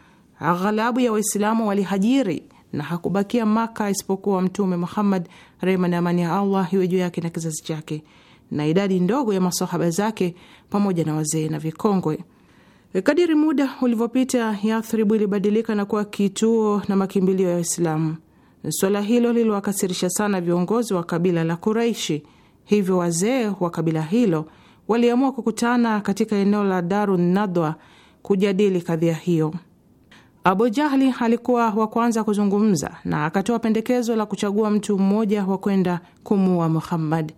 aghalabu ya Waislamu walihajiri na hakubakia Maka isipokuwa Mtume Muhammad, rehma na amani ya Allah iwe juu yake na kizazi chake, na idadi ndogo ya masahaba zake pamoja na wazee na vikongwe. Kadiri muda ulivyopita, Yathribu ilibadilika na kuwa kituo na makimbilio ya Waislamu. Suala hilo liliwakasirisha sana viongozi wa kabila la Kuraishi. Hivyo wazee wa kabila hilo waliamua kukutana katika eneo la Darun Nadwa kujadili kadhia hiyo. Abu Jahli alikuwa wa kwanza kuzungumza na akatoa pendekezo la kuchagua mtu mmoja wa kwenda kumuua Muhammad.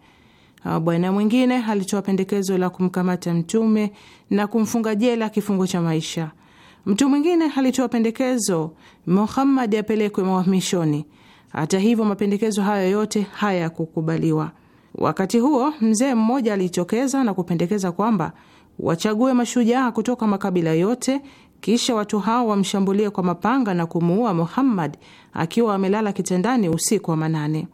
Ah, bwana mwingine alitoa pendekezo la kumkamata Mtume na kumfunga jela kifungo cha maisha. Mtu mwingine alitoa pendekezo Muhammad apelekwe mahamishoni. Hata hivyo, mapendekezo hayo yote hayakukubaliwa. Wakati huo, mzee mmoja alijitokeza na kupendekeza kwamba wachague mashujaa kutoka makabila yote kisha watu hao wamshambulie kwa mapanga na kumuua Muhammad akiwa amelala kitandani usiku wa manane.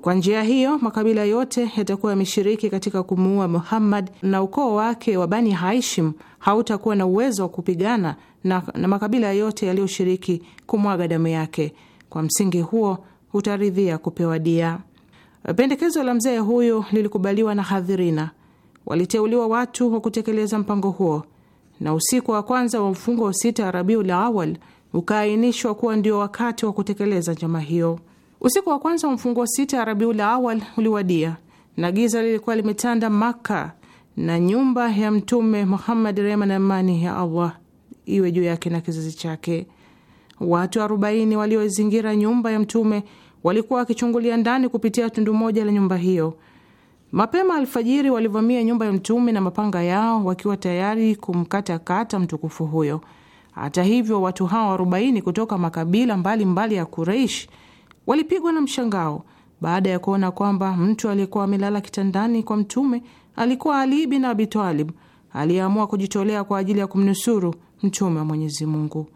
Kwa njia hiyo makabila yote yatakuwa yameshiriki katika kumuua Muhammad na ukoo wake wa Bani Haishim hautakuwa na uwezo wa kupigana na, na makabila yote yaliyoshiriki kumwaga damu yake. Kwa msingi huo utaridhia kupewa dia. Pendekezo la mzee huyu lilikubaliwa na hadhirina. Waliteuliwa watu wa kutekeleza mpango huo na usiku wa kwanza wa mfungo wa sita Rabiul Awal ukaainishwa kuwa ndio wakati wa kutekeleza njama hiyo. Usiku wa kwanza wa mfungo wa sita Rabiul Awal uliwadia na giza lilikuwa limetanda Makka na nyumba ya Mtume Muhammad, rehma na amani ya Allah iwe juu yake na kizazi chake. Watu arobaini waliozingira nyumba ya Mtume walikuwa wakichungulia ndani kupitia tundu moja la nyumba hiyo Mapema alfajiri walivamia nyumba ya Mtume na mapanga yao wakiwa tayari kumkatakata mtukufu huyo. Hata hivyo, watu hao arobaini kutoka makabila mbalimbali mbali ya Kureish walipigwa na mshangao baada ya kuona kwamba mtu aliyekuwa amelala kitandani kwa Mtume alikuwa Ali bin Abi Talib aliyeamua kujitolea kwa ajili ya kumnusuru Mtume wa Mwenyezi Mungu.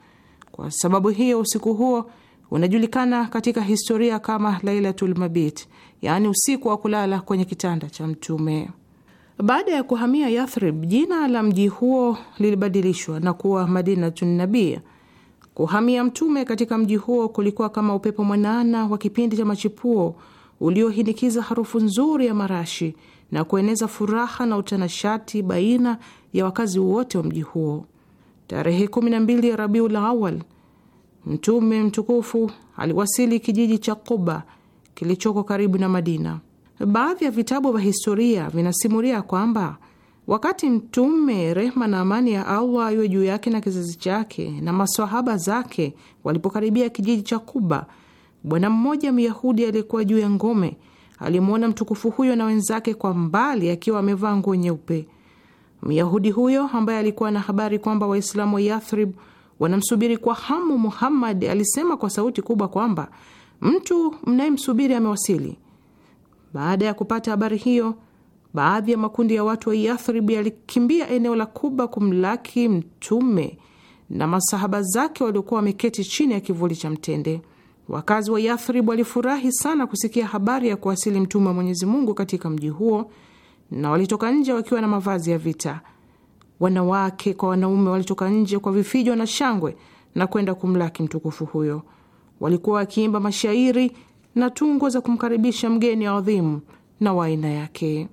Kwa sababu hiyo, usiku huo unajulikana katika historia kama Lailatul Mabit, yaani usiku wa kulala kwenye kitanda cha Mtume. Baada ya kuhamia Yathrib, jina la mji huo lilibadilishwa na kuwa Madinatun Nabii. Kuhamia Mtume katika mji huo kulikuwa kama upepo mwanana wa kipindi cha machipuo uliohinikiza harufu nzuri ya marashi na kueneza furaha na utanashati baina ya wakazi wote wa mji huo. Tarehe 12 ya Rabiul Awal, Mtume mtukufu aliwasili kijiji cha Quba kilichoko karibu na Madina. Baadhi ya vitabu vya historia vinasimulia kwamba wakati Mtume, rehma na amani ya Allah iwe juu yake na kizazi chake, na maswahaba zake walipokaribia kijiji cha Kuba, bwana mmoja Myahudi aliyekuwa juu ya ngome alimwona mtukufu huyo na wenzake kwa mbali akiwa amevaa nguo nyeupe. Myahudi huyo ambaye alikuwa na habari kwamba Waislamu wa Yathrib wanamsubiri kwa hamu Muhammad alisema kwa sauti kubwa kwamba mtu mnayemsubiri amewasili. Baada ya kupata habari hiyo, baadhi ya makundi ya watu wa Yathrib yalikimbia eneo la Kuba kumlaki Mtume na masahaba zake waliokuwa wameketi chini ya kivuli cha mtende. Wakazi wa Yathrib walifurahi sana kusikia habari ya kuwasili Mtume wa Mwenyezi Mungu katika mji huo, na walitoka nje wakiwa na mavazi ya vita. Wanawake kwa wanaume walitoka nje kwa vifijo na shangwe na kwenda kumlaki mtukufu huyo walikuwa wakiimba mashairi na tungo za kumkaribisha mgeni adhimu na wa aina yake.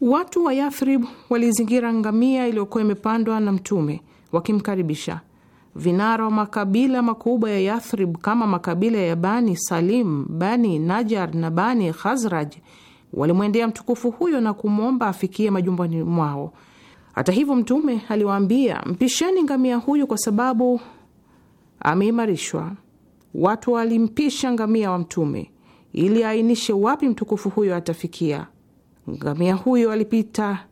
Watu wa Yathrib walizingira ngamia iliyokuwa imepandwa na Mtume wakimkaribisha. Vinara wa makabila makubwa ya Yathrib kama makabila ya Bani Salim, Bani Najar na Bani Khazraj walimwendea mtukufu huyo na kumwomba afikie majumbani mwao. Hata hivyo, Mtume aliwaambia, mpisheni ngamia huyu kwa sababu ameimarishwa watu walimpisha ngamia wa Mtume ili aainishe wapi mtukufu huyo atafikia. Ngamia huyo alipita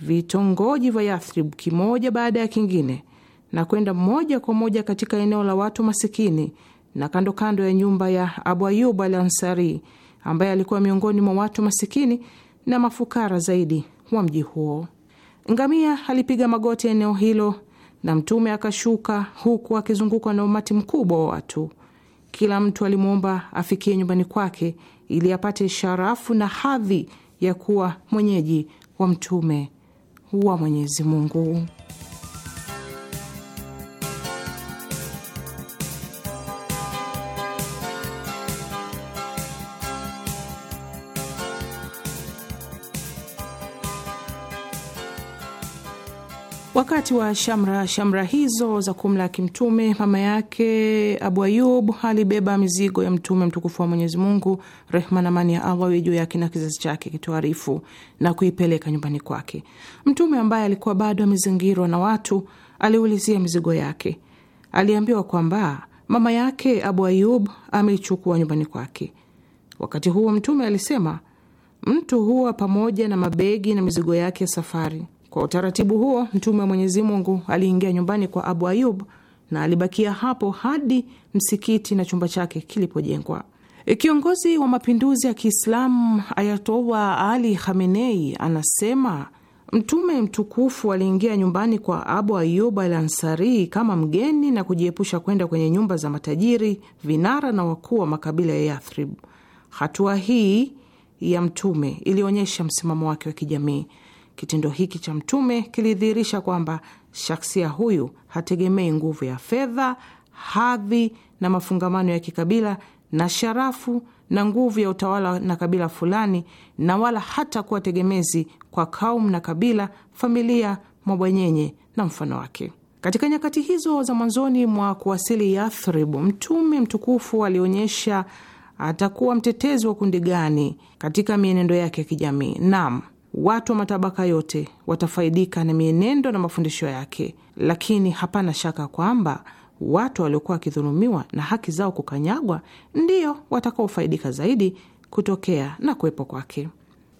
vitongoji vya Yathrib kimoja baada ya kingine na kwenda moja kwa moja katika eneo la watu masikini na kando kando ya nyumba ya Abu Ayub al Ansari ambaye alikuwa miongoni mwa watu masikini na mafukara zaidi wa mji huo. Ngamia alipiga magoti eneo hilo na Mtume akashuka huku akizungukwa na umati mkubwa wa watu. Kila mtu alimwomba afikie nyumbani kwake ili apate sharafu na hadhi ya kuwa mwenyeji wa mtume wa Mwenyezi Mungu. Wakati wa shamra shamra hizo za kumlaki Mtume, mama yake Abu Ayub alibeba mizigo ya Mtume mtukufu wa Mwenyezi Mungu, rehma na amani ya Allah iwe juu yake na kizazi chake kitoarifu, na kuipeleka nyumbani kwake. Mtume ambaye alikuwa bado amezingirwa na watu aliulizia mizigo yake. Aliambiwa kwamba mama yake Abu Ayub ameichukua nyumbani kwake. Wakati huo Mtume alisema, mtu huwa pamoja na mabegi na mizigo yake ya safari kwa utaratibu huo mtume wa Mwenyezi Mungu aliingia nyumbani kwa Abu Ayub na alibakia hapo hadi msikiti na chumba chake kilipojengwa. E, kiongozi wa mapinduzi ya Kiislamu Ayatowa Ali Khamenei anasema Mtume mtukufu aliingia nyumbani kwa Abu Ayub al Ansari kama mgeni na kujiepusha kwenda kwenye nyumba za matajiri, vinara na wakuu wa makabila ya Yathrib. Hatua hii ya Mtume ilionyesha msimamo wake wa kijamii Kitendo hiki cha Mtume kilidhihirisha kwamba shaksia huyu hategemei nguvu ya fedha, hadhi na mafungamano ya kikabila na sharafu na nguvu ya utawala na kabila fulani, na wala hata kuwa tegemezi kwa kaum na kabila, familia, mabwanyenye na mfano wake. Katika nyakati hizo za mwanzoni mwa kuwasili Yathrib, Mtume mtukufu alionyesha atakuwa mtetezi wa kundi gani katika mienendo yake ya kijamii. Naam, Watu wa matabaka yote watafaidika na mienendo na mafundisho yake, lakini hapana shaka kwamba watu waliokuwa wakidhulumiwa na haki zao kukanyagwa ndiyo watakaofaidika zaidi kutokea na kuwepo kwake.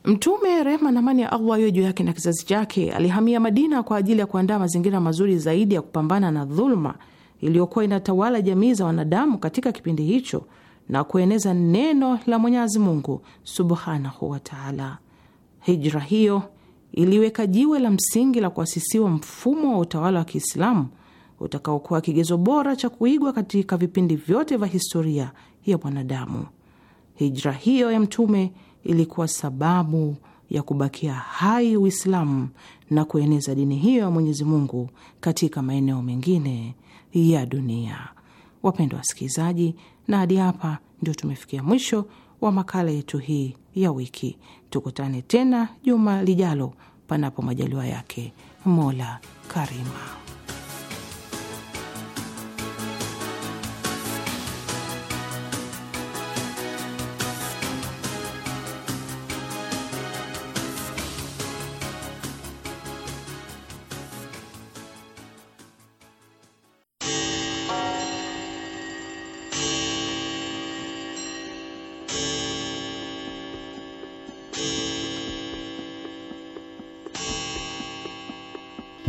Mtume, rehma na amani ya Allah iwe juu yake na kizazi chake, alihamia Madina kwa ajili ya kuandaa mazingira mazuri zaidi ya kupambana na dhuluma iliyokuwa inatawala jamii za wanadamu katika kipindi hicho na kueneza neno la Mwenyezi Mungu subhanahu wataala. Hijra hiyo iliweka jiwe la msingi la kuasisiwa mfumo wa utawala wa Kiislamu utakaokuwa kigezo bora cha kuigwa katika vipindi vyote vya historia ya mwanadamu. Hijra hiyo ya Mtume ilikuwa sababu ya kubakia hai Uislamu na kueneza dini hiyo ya Mwenyezi Mungu katika maeneo mengine ya dunia. Wapendwa wasikilizaji, na hadi hapa ndio tumefikia mwisho wa makala yetu hii ya wiki. Tukutane tena juma lijalo, panapo majaliwa yake Mola Karima.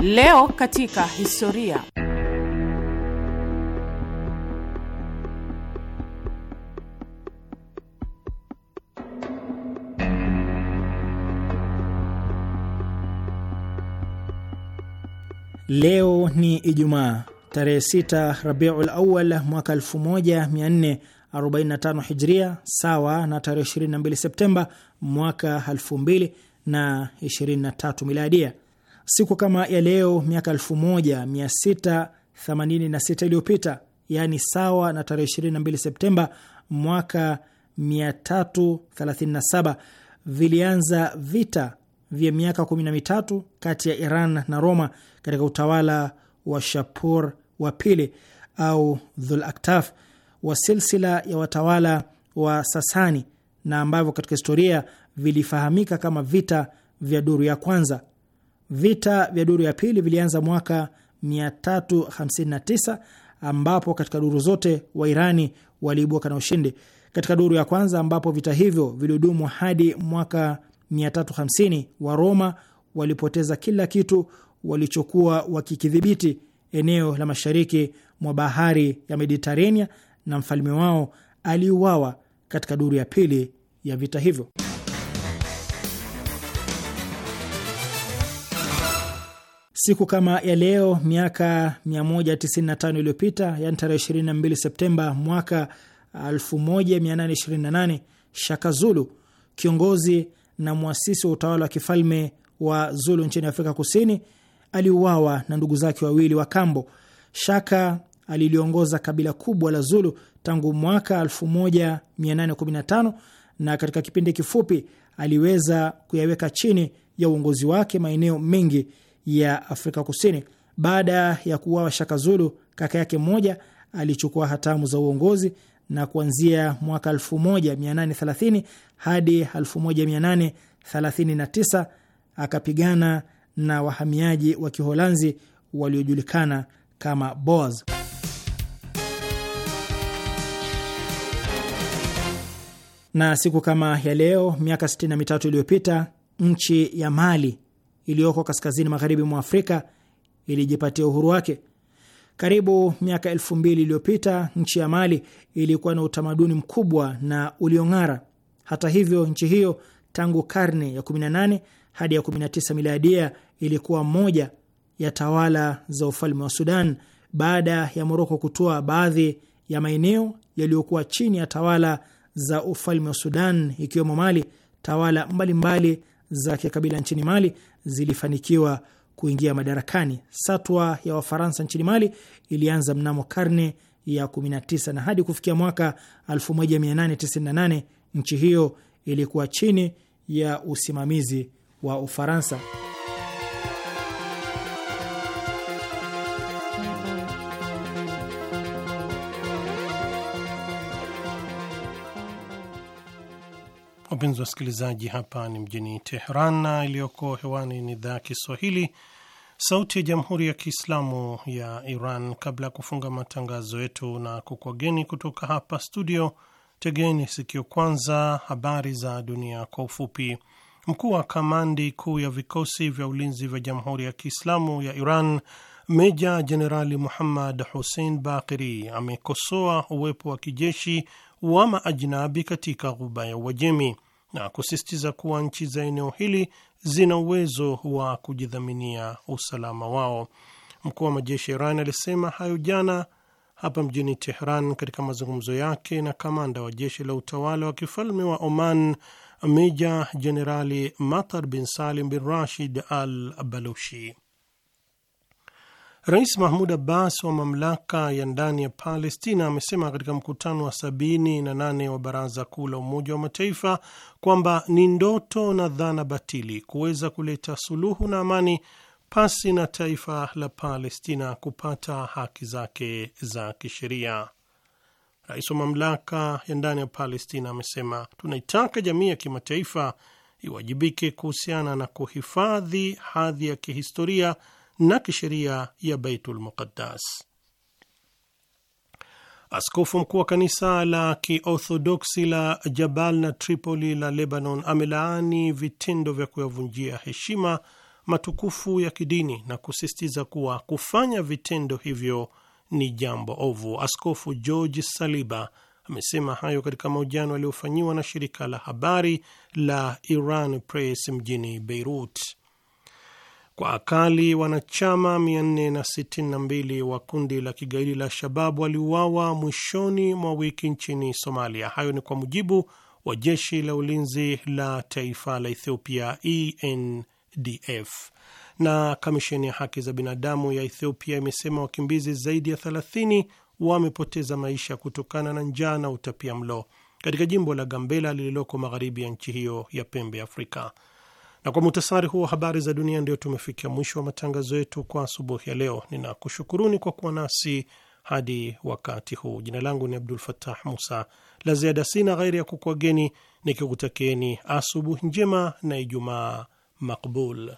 Leo katika historia. Leo ni Ijumaa tarehe 6 Rabiul Awal mwaka 1445 Hijria, sawa na tarehe 22 Septemba mwaka 2023 Miladia. Siku kama ya leo miaka 1686 iliyopita, yaani sawa na tarehe 22 Septemba mwaka 337, vilianza vita vya miaka 13 kati ya Iran na Roma katika utawala wa Shapur wa pili au Dhul Aktaf wa silsila ya watawala wa Sasani na ambavyo katika historia vilifahamika kama vita vya duru ya kwanza. Vita vya duru ya pili vilianza mwaka 359 ambapo katika duru zote Wairani waliibuka na ushindi. Katika duru ya kwanza ambapo vita hivyo vilidumu hadi mwaka 350, wa roma walipoteza kila kitu walichokuwa wakikidhibiti eneo la mashariki mwa bahari ya Mediterania na mfalme wao aliuawa katika duru ya pili ya vita hivyo. Siku kama ya leo miaka 195 iliyopita, yani tarehe 22 Septemba mwaka 1828, Shaka Zulu, kiongozi na mwasisi wa utawala wa kifalme wa Zulu nchini Afrika Kusini, aliuawa na ndugu zake wawili wa kambo. Shaka aliliongoza kabila kubwa la Zulu tangu mwaka 1815 na katika kipindi kifupi aliweza kuyaweka chini ya uongozi wake maeneo mengi ya Afrika Kusini. Baada ya kuuawa Shaka Zulu, kaka yake mmoja alichukua hatamu za uongozi na kuanzia mwaka 1830 hadi 1839 akapigana na wahamiaji wa Kiholanzi waliojulikana kama Boers. Na siku kama ya leo miaka 63 iliyopita nchi ya Mali iliyoko kaskazini magharibi mwa Afrika ilijipatia uhuru wake. Karibu miaka elfu mbili iliyopita nchi ya Mali ilikuwa na utamaduni mkubwa na uliong'ara. Hata hivyo, nchi hiyo tangu karne ya 18 hadi ya 19 miliadia ilikuwa moja ya tawala za ufalme wa Sudan baada ya Moroko kutoa baadhi ya maeneo yaliyokuwa chini ya tawala za ufalme wa Sudan ikiwemo Mali. Tawala mbalimbali mbali za kikabila nchini Mali zilifanikiwa kuingia madarakani. Satwa ya Wafaransa nchini Mali ilianza mnamo karne ya 19 na hadi kufikia mwaka 1898 nchi hiyo ilikuwa chini ya usimamizi wa Ufaransa. Wapenzi wasikilizaji, hapa ni mjini Teheran na iliyoko hewani ni idhaa ya Kiswahili, Sauti ya Jamhuri ya Kiislamu ya Iran. Kabla ya kufunga matangazo yetu na kukwageni kutoka hapa studio, tegeni sikio kwanza habari za dunia kwa ufupi. Mkuu wa kamandi kuu ya vikosi vya ulinzi vya Jamhuri ya Kiislamu ya Iran Meja Jenerali Muhammad Hussein Bakiri amekosoa uwepo wa kijeshi wa maajnabi katika ghuba ya Uajemi na kusisitiza kuwa nchi za eneo hili zina uwezo wa kujidhaminia usalama wao. Mkuu wa majeshi ya Iran alisema hayo jana hapa mjini Tehran katika mazungumzo yake na kamanda wa jeshi la utawala wa kifalme wa Oman, meja jenerali Matar bin Salim bin Rashid al Balushi. Rais Mahmud Abbas wa mamlaka ya ndani ya Palestina amesema katika mkutano wa 78 wa baraza kuu la Umoja wa Mataifa kwamba ni ndoto na dhana batili kuweza kuleta suluhu na amani pasi na taifa la Palestina kupata haki zake za kisheria. Rais wa mamlaka ya ndani ya Palestina amesema tunaitaka jamii ya kimataifa iwajibike kuhusiana na kuhifadhi hadhi ya kihistoria na kisheria ya Baitul Muqaddas. Askofu mkuu wa kanisa la Kiorthodoksi la Jabal na Tripoli la Lebanon amelaani vitendo vya kuyavunjia heshima matukufu ya kidini na kusisitiza kuwa kufanya vitendo hivyo ni jambo ovu. Askofu George Saliba amesema hayo katika mahojiano aliyofanyiwa na shirika la habari la Iran Press mjini Beirut kwa akali wanachama 462 wa kundi la kigaidi la Shababu waliuawa mwishoni mwa wiki nchini Somalia. Hayo ni kwa mujibu wa jeshi la ulinzi la taifa la Ethiopia, ENDF. Na kamisheni ya haki za binadamu ya Ethiopia imesema wakimbizi zaidi ya 30 wamepoteza maisha kutokana na njaa na utapia mlo katika jimbo la Gambela lililoko magharibi ya nchi hiyo ya pembe Afrika. Na kwa muhtasari huo habari za dunia, ndio tumefikia mwisho wa matangazo yetu kwa asubuhi ya leo. Ninakushukuruni kwa kuwa nasi hadi wakati huu. Jina langu ni Abdul Fattah Musa. La ziada sina ghairi ya kukwageni nikikutakieni asubuhi njema na Ijumaa makbul.